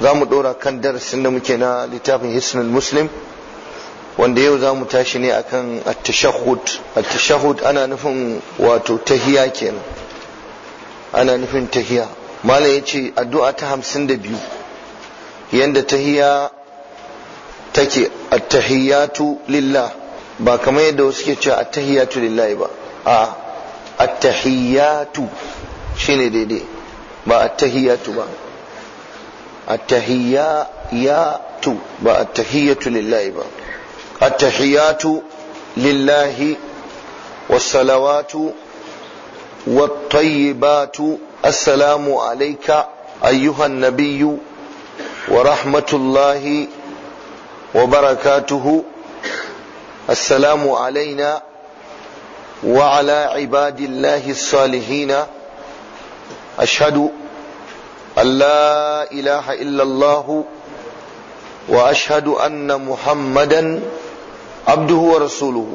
za mu ɗora kan darasin da muke na littafin hisnul muslim wanda yau za mu tashi ne akan at-tashahhud ana nufin wato tahiya kenan ana nufin tahiya malam ya ce addu'a ta hamsin da biyu yadda tahiya take at-tahiyatu lillah ba kamar yadda wasu ke cewa at-tahiyatu lillahi ba a at-tahiyatu shine daidai ba at-tahiyatu ba attahiyatu ba attahiyatu lillahi ba attahiyatu lillahi wassalawatu والطيبات السلام عليك ايها النبي ورحمه الله وبركاته السلام علينا وعلى عباد الله الصالحين اشهد أن لا إله إلا الله وأشهد أن محمدا عبده ورسوله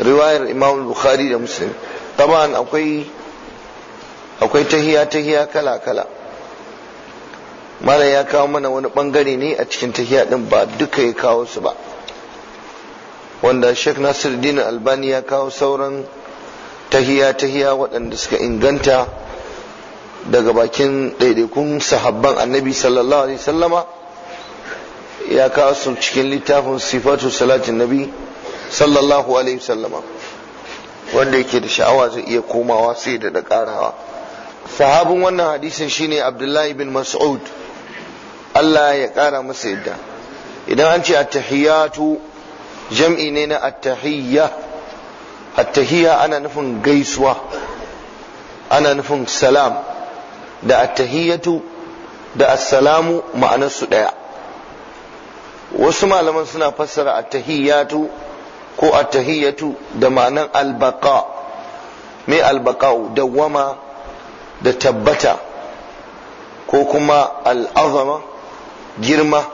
رواية الإمام البخاري ومسلم طبعا أقوي أقوي تهيا تهيا كلا كلا mala ya kawo mana wani bangare ne a cikin tahiya din ba duka ya kawo su ba wanda Sheikh Nasiruddin Albani ya kawo sauran tahiya tahiya waɗanda suka inganta daga bakin ɗaiɗaikun sahabban annabi sallallahu alaihi sallama ya kasu cikin littafin sifatu salatin nabi sallallahu alaihi sallama wanda yake da sha'awa zai iya komawa sai da da karawa sahabin wannan hadisin shine abdullahi bin mas'ud Allah ya kara masa yadda idan an ce attahiyatu jam'i ne na attahiyya attahiyya ana nufin gaisuwa ana nufin salam da attahiyatu da assalamu ma'anarsu ɗaya wasu malaman suna fassara attahiyatu ko attahiyatu da ma'anar albaka mai albaka'u dawwama da tabbata ko kuma al'azama girma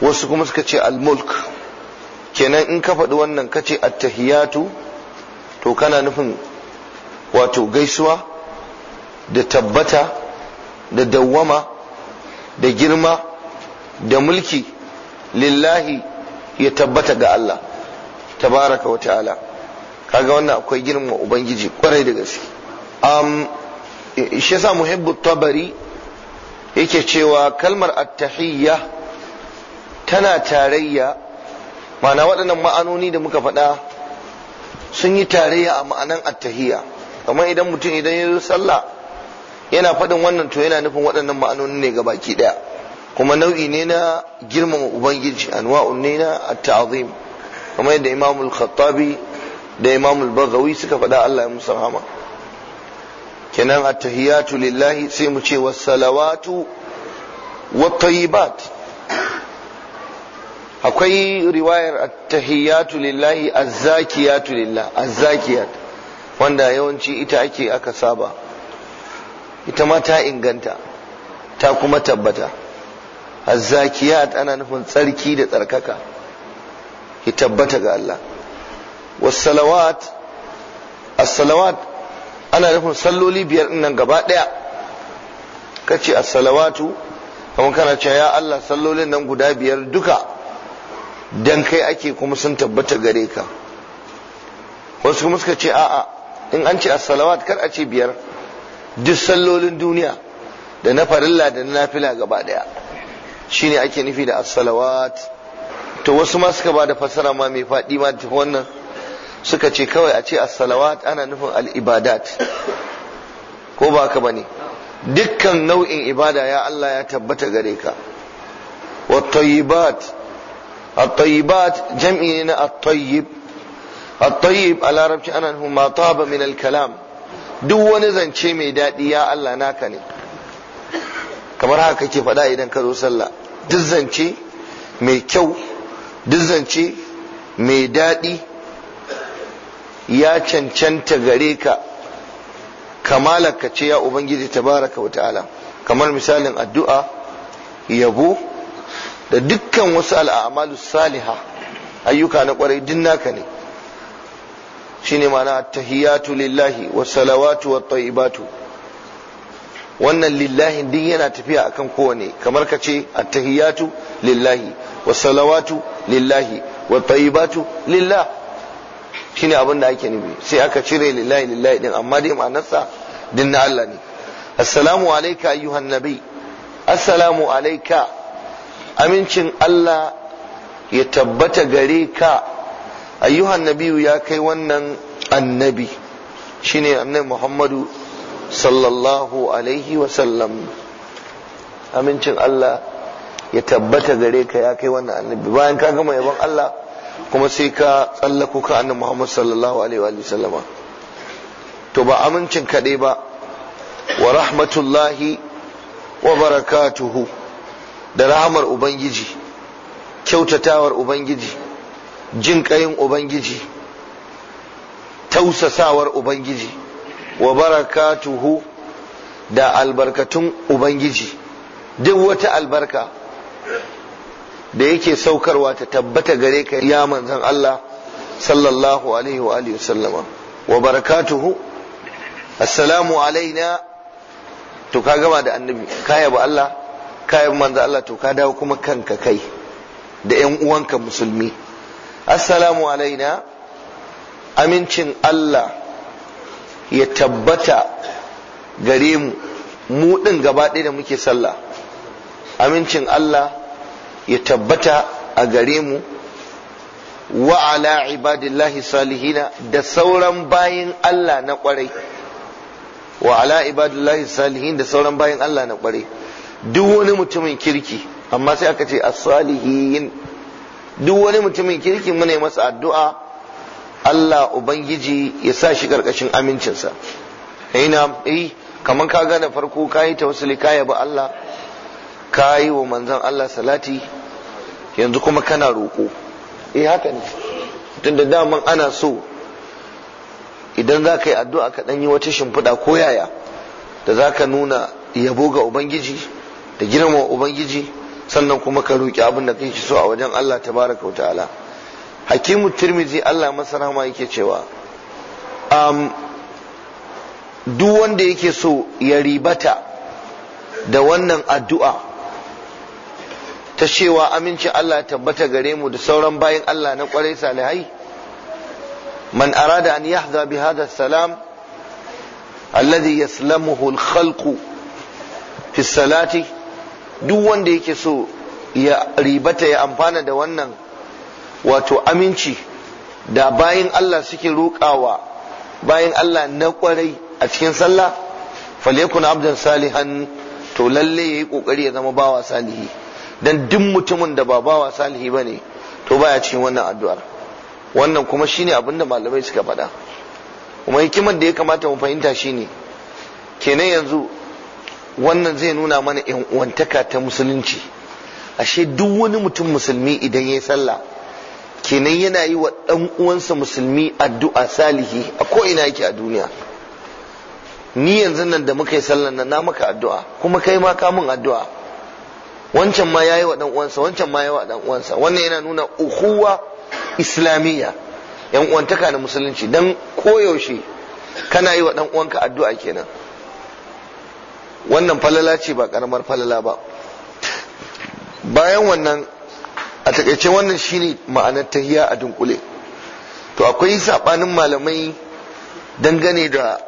wasu kuma suka ce al-mulk kenan in ka faɗi wannan kace attahiyatu to kana nufin wato gaisuwa da tabbata da dawwama da girma da mulki lillahi ya tabbata ga Allah tabaraka wa ta'ala kaga wannan akwai girma ubangiji kwarai da gaske am shi yasa muhibbu tabari yake cewa kalmar attahiyya tana tarayya ma'ana waɗannan ma'anoni da muka faɗa sun yi tarayya a ma'anan attahiyya kamar idan mutum idan ya sallah yana faɗin wannan to yana nufin waɗannan ma'anoni ne ga baki ɗaya kuma nau'i ne na girmama ubangiji anwa'un ne na at-ta'zim kamar yadda Imam al-Khattabi da Imam al-Baghawi suka faɗa Allah ya musu rahama kenan at-tahiyatu lillahi sai mu ce was-salawatu wat-tayyibat akwai riwayar at-tahiyatu lillahi az-zakiyatu lillah az-zakiyat wanda yawanci ita ake aka saba ita ma ta inganta ta kuma tabbata azzakiyat ana nufin tsarki da tsarkaka ki tabbata ga Allah wassalawat as-salawat ana nufin salloli biyar din nan gaba daya kace as-salawatu kamar kana cewa ya Allah sallolin nan guda biyar duka dan kai ake kuma sun tabbata gare ka wasu kuma suka ce a'a in an ce as-salawat kar a ce biyar duk sallolin duniya da na farilla da na nafila gaba daya shine ake nufi da as to wasu ma suka ba da fassara ma mai faɗi ma da wannan suka ce kawai a ce as ana nufin al-ibadat ko ba ka bane dukkan nau'in ibada ya Allah ya tabbata gare ka wat-tayyibat at-tayyibat jam'i ne na at-tayyib at-tayyib a larabci ana nufin ma taba min al-kalam duk wani zance mai daɗi ya Allah naka ne kamar haka kake faɗa idan ka zo sallah duk zance mai kyau duk zance mai daɗi ya cancanta gare ka kamalaka ce ya ubangiji tabaraka wata'ala kamar misalin addu'a yabo da dukkan wasu al'amalu saliha ayyuka na kwarai duk naka ne shine mana attahiyatu lillahi wa salawatu wa tayyibatu wannan lillahi din yana tafiya akan kowane kamar ka ce attahiyatu lillahi wa salawatu lillahi wa tayyibatu lillah shine abin da ake nufi sai aka cire lillahi lillahi din amma dai ma'anarsa din na Allah ne assalamu alayka ayyuhan nabi assalamu alayka amincin Allah ya tabbata gare ka ayyuhan nabiyu ya kai wannan annabi shine annabi muhammadu sallallahu alaihi wasallam amincin allah ya tabbata gare ka ya kai wannan annabi bayan ka gama yabon allah kuma sai ka tsallako ka annabi muhammadu sallallahu alaihi wa sallama to ba amincin kaɗai ba wa rahmatullahi wa barakatuhu da rahamar ubangiji kyautatawar ubangiji jin ƙayin ubangiji tausasawar ubangiji wa barakatuhu da albarkatun ubangiji duk wata albarka da yake saukarwa ta tabbata gare ka ya manzan Allah sallallahu alaihi wa alihi sallama wa barakatuhu assalamu alaina to ka gama da annabi ka yaba Allah ka yaba manzan Allah to ka dawo kuma kanka kai da 'yan uwanka musulmi assalamu alaina amincin Allah ya tabbata gare mu mu ɗin gaba ɗaya da muke sallah amincin Allah ya tabbata a gare mu wa ala ibadillahi salihina da sauran bayin Allah na kwarai wa ala ibadillahi salihin da sauran bayin Allah na kwarai duk wani mutumin kirki amma sai aka ce as-salihin duk wani mutumin kirki muna masa addu'a Allah ubangiji ya sa shi karkashin amincinsa ina eh kaman ka gane farko kayi tawassuli ka ba Allah kayi wa manzon Allah salati yanzu kuma kana roko eh haka ne tunda daman ana so idan za ka yi addu'a ka ɗan yi wata shimfiɗa ko yaya da za ka nuna yabo ga ubangiji da girmama ubangiji sannan kuma ka roki abin da kake so a wajen Allah tabaraka wa ta'ala hakimu tirmizi Allah masarama yake cewa um, duk wanda yake so ya ribata da wannan addu'a ta cewa amincin Allah ya tabbata gare mu da sauran bayan Allah na kwarai salihai man arada an yahza bi hada salam alladhi yaslamuhu al-khalqu fi salati duk wanda yake so ya ribata ya amfana da wannan wato aminci da bayan Allah suke roƙawa bayan Allah na kwarai a cikin sallah falekun abdan salihan to lalle yayi kokari ya zama bawa salihi dan duk mutumin da ba bawa salihi bane to baya cikin wannan addu'ar wannan kuma shine abin da malamai suka faɗa kuma hikimar da ya kamata mu fahimta shine kenan yanzu wannan zai nuna mana yan uwantaka ta musulunci ashe duk wani mutum musulmi idan ya sallah kenan yana yi wa ɗan uwansa musulmi addu'a salihi a ko ina yake a duniya ni yanzu nan da muka yi sallan nan na maka addu'a kuma kai ma ka mun addu'a wancan ma yayi wa dan uwansa wancan ma yayi wa dan uwansa wannan yana nuna uhuwa islamiyya yan uwantaka na musulunci dan koyaushe kana yi wa dan uwanka addu'a kenan wannan falala ce ba karamar falala ba bayan wannan a takaice wannan shine ma'anar tahiya a dunkule to akwai sabanin malamai dangane da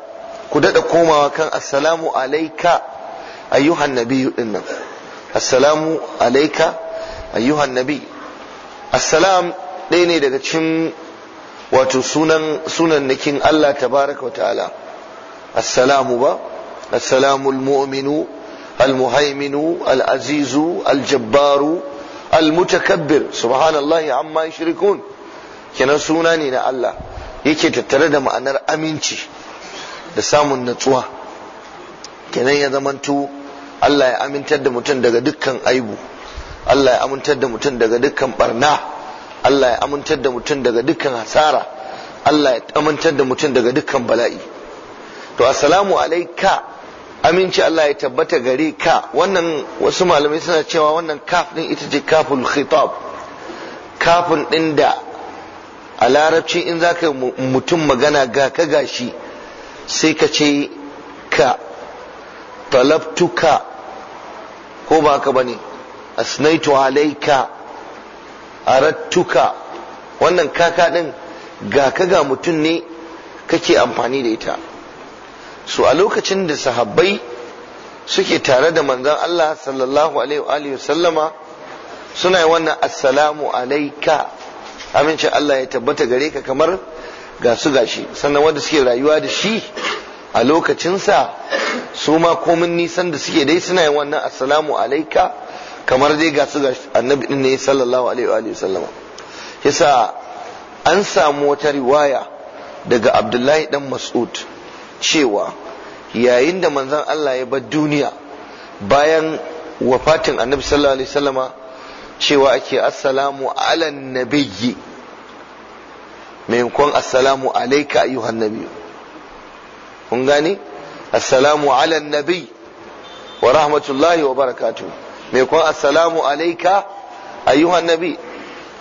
ku daɗa komawa kan assalamu alaika ayyuhan nabi din nan assalamu alaika ayyuhan nabi assalam ɗaya ne daga cin wato sunan sunan nakin Allah tabaraka wa ta'ala assalamu ba Asalamul السلام المؤمن المهيمن العزيز الجبار المتكبر سبحان subhanallah amma يشركون kenan suna ne na Allah yake tattare da ma'anar aminci da samun natsuwa kenan ya zamanto Allah ya amintar da mutum daga dukkan aibu Allah ya amintar da mutum daga dukkan barna Allah ya amintar da mutum daga dukkan hasara Allah ya amintar da mutum daga dukkan bala'i to asalamu alaika aminci Allah ya tabbata gare ka wannan wasu malamai suna cewa wannan kaf din ita ce kaful khitab kafin din da a larabci in za ka mutum magana ga ka gashi sai ka ce ka talabtuka ko ba ka bane asnaitu alaika arattuka wannan kaka din ga ka ga mutum ne kake amfani da ita su a lokacin da sahabbai suke tare da manzon Allah sallallahu alaihi wa sallama suna yi wannan assalamu alaika amincin Allah ya tabbata gare ka kamar ga su gashi sannan wanda suke rayuwa da shi a lokacinsa su ma komin nisan da suke dai suna yin wannan assalamu alaika kamar dai ga su annabi din ne sallallahu alaihi wa sallama yasa an samu wata riwaya daga abdullahi dan mas'ud cewa yayin da manzan Allah ya bar duniya bayan wafatin annabi sallallahu alaihi wasallama cewa ake assalamu ala nabiyyi maimakon assalamu alaika ayyuhan nabi kun gani? assalamu ala nabiyyi wa rahmatullahi wa barakatuh maimakon assalamu alaika ayyuhan nabi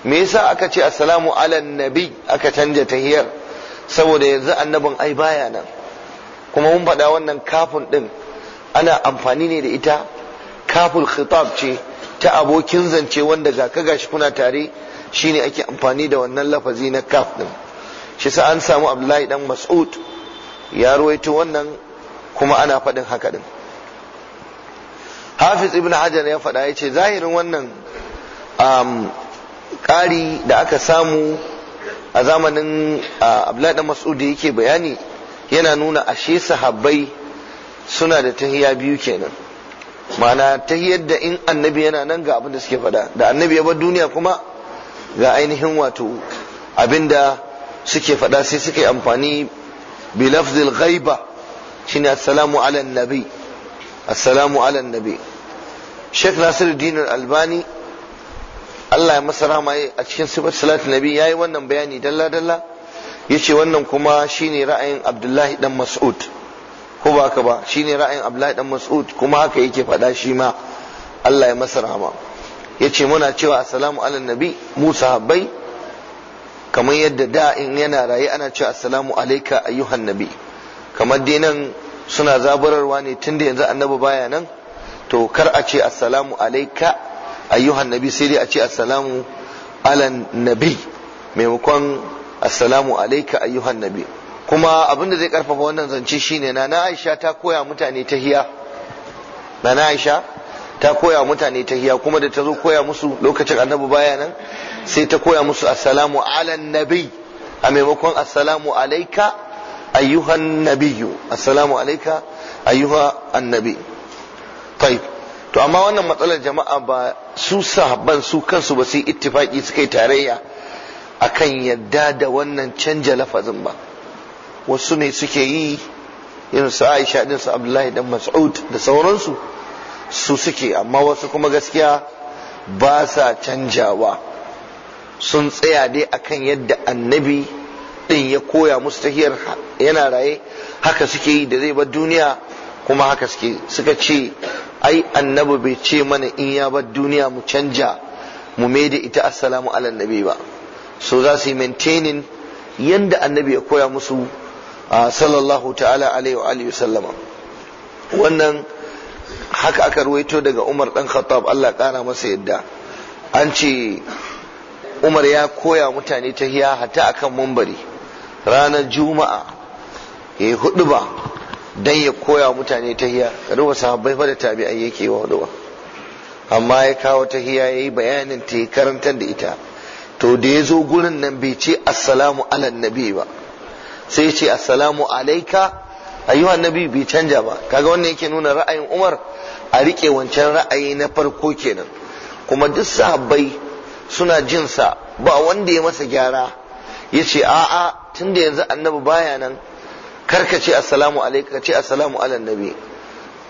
me yasa aka ce assalamu ala nabiyyi aka canja tahiyar saboda yanzu annabin ai baya nan kuma mun faɗa wannan kafin ɗin ana amfani ne da ita kaful khitab ce ta abokin zance wanda ga ka gashi kuna tare shine ake amfani da wannan lafazi na kaf ɗin shi sa an samu abdullahi dan mas'ud ya ruwaito wannan kuma ana faɗin haka ɗin hafiz ibn hajar ya faɗa ya ce zahirin wannan ƙari da aka samu a zamanin abdullahi dan mas'ud da yake bayani yana nuna ashe sahabbai suna da tahiya biyu kenan mana tahiyar da in annabi yana nan ga abin da suke faɗa da annabi ya bar duniya kuma ga ainihin wato abinda suke faɗa sai suka yi amfani bi lafzil ghaiba shine assalamu ala nabi assalamu ala nabi Sheikh Nasiruddin Albani Allah ya masa rahama a cikin sifar salatu nabi yayi wannan bayani dalla dalla yace wannan kuma shine ra'ayin Abdullahi dan Mas'ud ko ba haka ba shine ra'ayin Abdullahi dan Mas'ud kuma haka yake faɗa shi ma Allah ya masa rahama yace muna cewa assalamu alal nabi musa bai kamar yadda da in yana raye ana cewa assalamu alayka ayyuhan nabi kamar dai suna zabararwa ne tunda yanzu annabi baya nan to kar a ce assalamu alayka ayyuhan nabi sai dai a ce assalamu ala nabi maimakon assalamu alaika ayyuhan nabi kuma abin da zai karfafa wannan zance shine na na Aisha ta koya mutane tahiya na na Aisha ta koya mutane tahiya kuma da ta zo koya musu lokacin annabi baya nan sai ta koya musu assalamu ala nabi a maimakon assalamu alaika ayyuhan nabi. assalamu alaika ayyuha annabi طيب to amma wannan matsalar jama'a ba su sahabban su kansu ba su yi ittifaki suka yi tarayya akan yadda da wannan canja lafazin ba wasu ne suke yi irin su Aisha din su Abdullahi dan Mas'ud da sauransu su suke amma wasu kuma gaskiya ba sa canjawa sun tsaya dai akan yadda annabi din ya koya musu tahiyar yana raye haka suke yi da zai bar duniya kuma haka suke suka ce ai annabi bai ce mana in ya bar duniya mu canja mu maida ita assalamu ala nabi ba so za su yi maintaining yadda annabi ya koya musu sallallahu ta'ala alaihi wa alihi sallama wannan haka aka ruwaito daga Umar dan Khattab Allah kara masa yadda an ce Umar ya koya mutane ta hiya hata akan mambari. ranar juma'a ya yi hudu ba don ya koya mutane ta hiya ruwa sahabbai fa da tabi'ai yake wa amma ya kawo ta hiya ya yi bayanin ta karantar da ita to da ya zo gurin nan bai ce assalamu ala nabi ba sai ce assalamu alaika ayyuhan nabi bai canja ba kaga wannan yake nuna ra'ayin umar a rike wancan ra'ayi na farko kenan kuma duk sahabbai suna jin sa ba wanda ya masa gyara ya ce a'a tunda yanzu annabi baya nan karka ce assalamu alaika ce assalamu ala nabi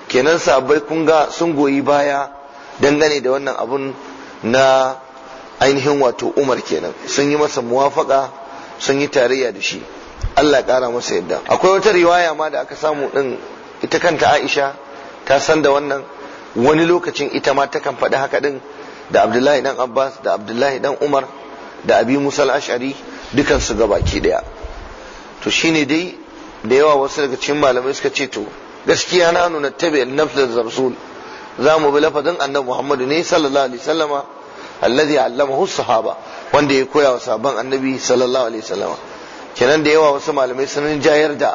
kenan sahabbai kun ga sun goyi baya dangane da wannan abun na ainihin wato umar kenan sun yi masa muwafaka sun yi tarayya da shi Allah kara masa yadda akwai wata riwaya ma da aka samu din ita kanta Aisha ta san da wannan wani lokacin ita ma takan faɗi haka din da Abdullahi dan Abbas da Abdullahi dan Umar da Abi Musa al-Ash'ari dukan su ga baki daya to shine dai da yawa wasu daga cikin malamai suka ce to gaskiya na nuna tabi'in nafsul rasul zamu bi lafazin annabi Muhammadu ne sallallahu alaihi wasallama alladhi allamahu sahaba wanda ya koya wa sabon annabi sallallahu alaihi wasallam kenan da yawa wasu malamai sun jayar da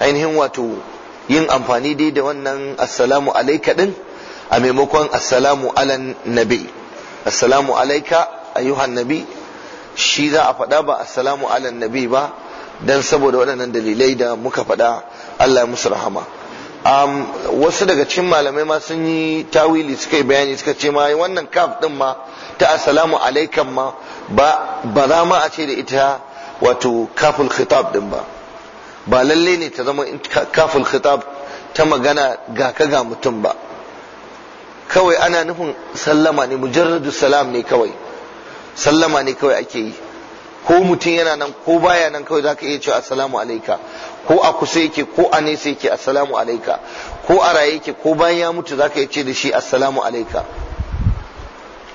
ainihin wato yin amfani dai da wannan assalamu alaika din a maimakon assalamu alan nabi assalamu alaika ayyuhan nabi shi za a faɗa ba assalamu alan nabi ba dan saboda waɗannan dalilai da muka faɗa Allah ya musu rahama Um, wasu daga cikin malamai ma sun yi tawili suka yi bayani suka ce ma wannan kaf din ma ta assalamu alaikum ma ba za ma a ce da ita wato kaful khitab din ba ba lalle ne ta zama kaful khitab ta magana ga ka ga mutum ba kawai ana nufin sallama ne mujarradu salam ne kawai sallama ne kawai ake yi ko mutum yana nan ko baya nan kawai zaka iya cewa assalamu alaika ko a kusa yake ko a nesa yake assalamu alaika ko a raye yake ko bayan ya mutu zaka yi ce da shi assalamu alaika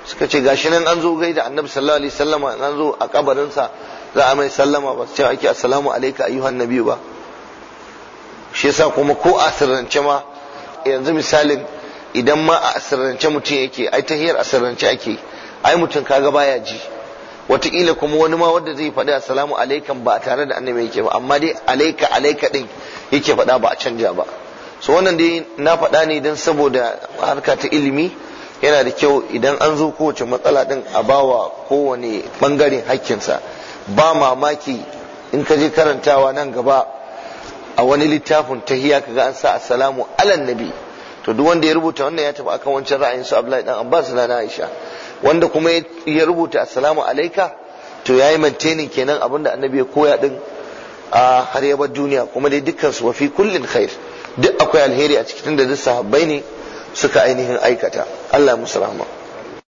suka ce gashi nan an zo gaida annabi sallallahu alaihi wasallam an zo a kabarinsa za a mai sallama ba ce ake assalamu alaika ayyuhan nabi ba shi yasa kuma ko a sirrance ma yanzu misalin idan ma a sirrance mutum yake ai tahiyar a sirrance ake ai mutum kaga baya ji wataƙila kuma wani ma wanda zai faɗi assalamu alaikum ba tare da annabi yake ba amma dai alaika alaika din yake faɗa ba a canja ba so wannan dai na faɗa ne don saboda harka ta ilimi yana da kyau idan an zo kowace matsala din a bawa kowane bangaren hakkinsa ba mamaki in ka je karantawa nan gaba a wani littafin ta ka ga an sa assalamu alan nabi to duk wanda ya rubuta wannan ya tafi akan wancan ra'ayin su Abdullahi dan Abbas na Aisha wanda kuma ya rubuta assalamu alaika to yayi mantenin kenan abinda annabi ya koya din a har ya bar duniya kuma dai dukkan su fi kullin khair duk akwai alheri a cikin da duk sahabbai ne suka ainihin aikata Allah musu rahama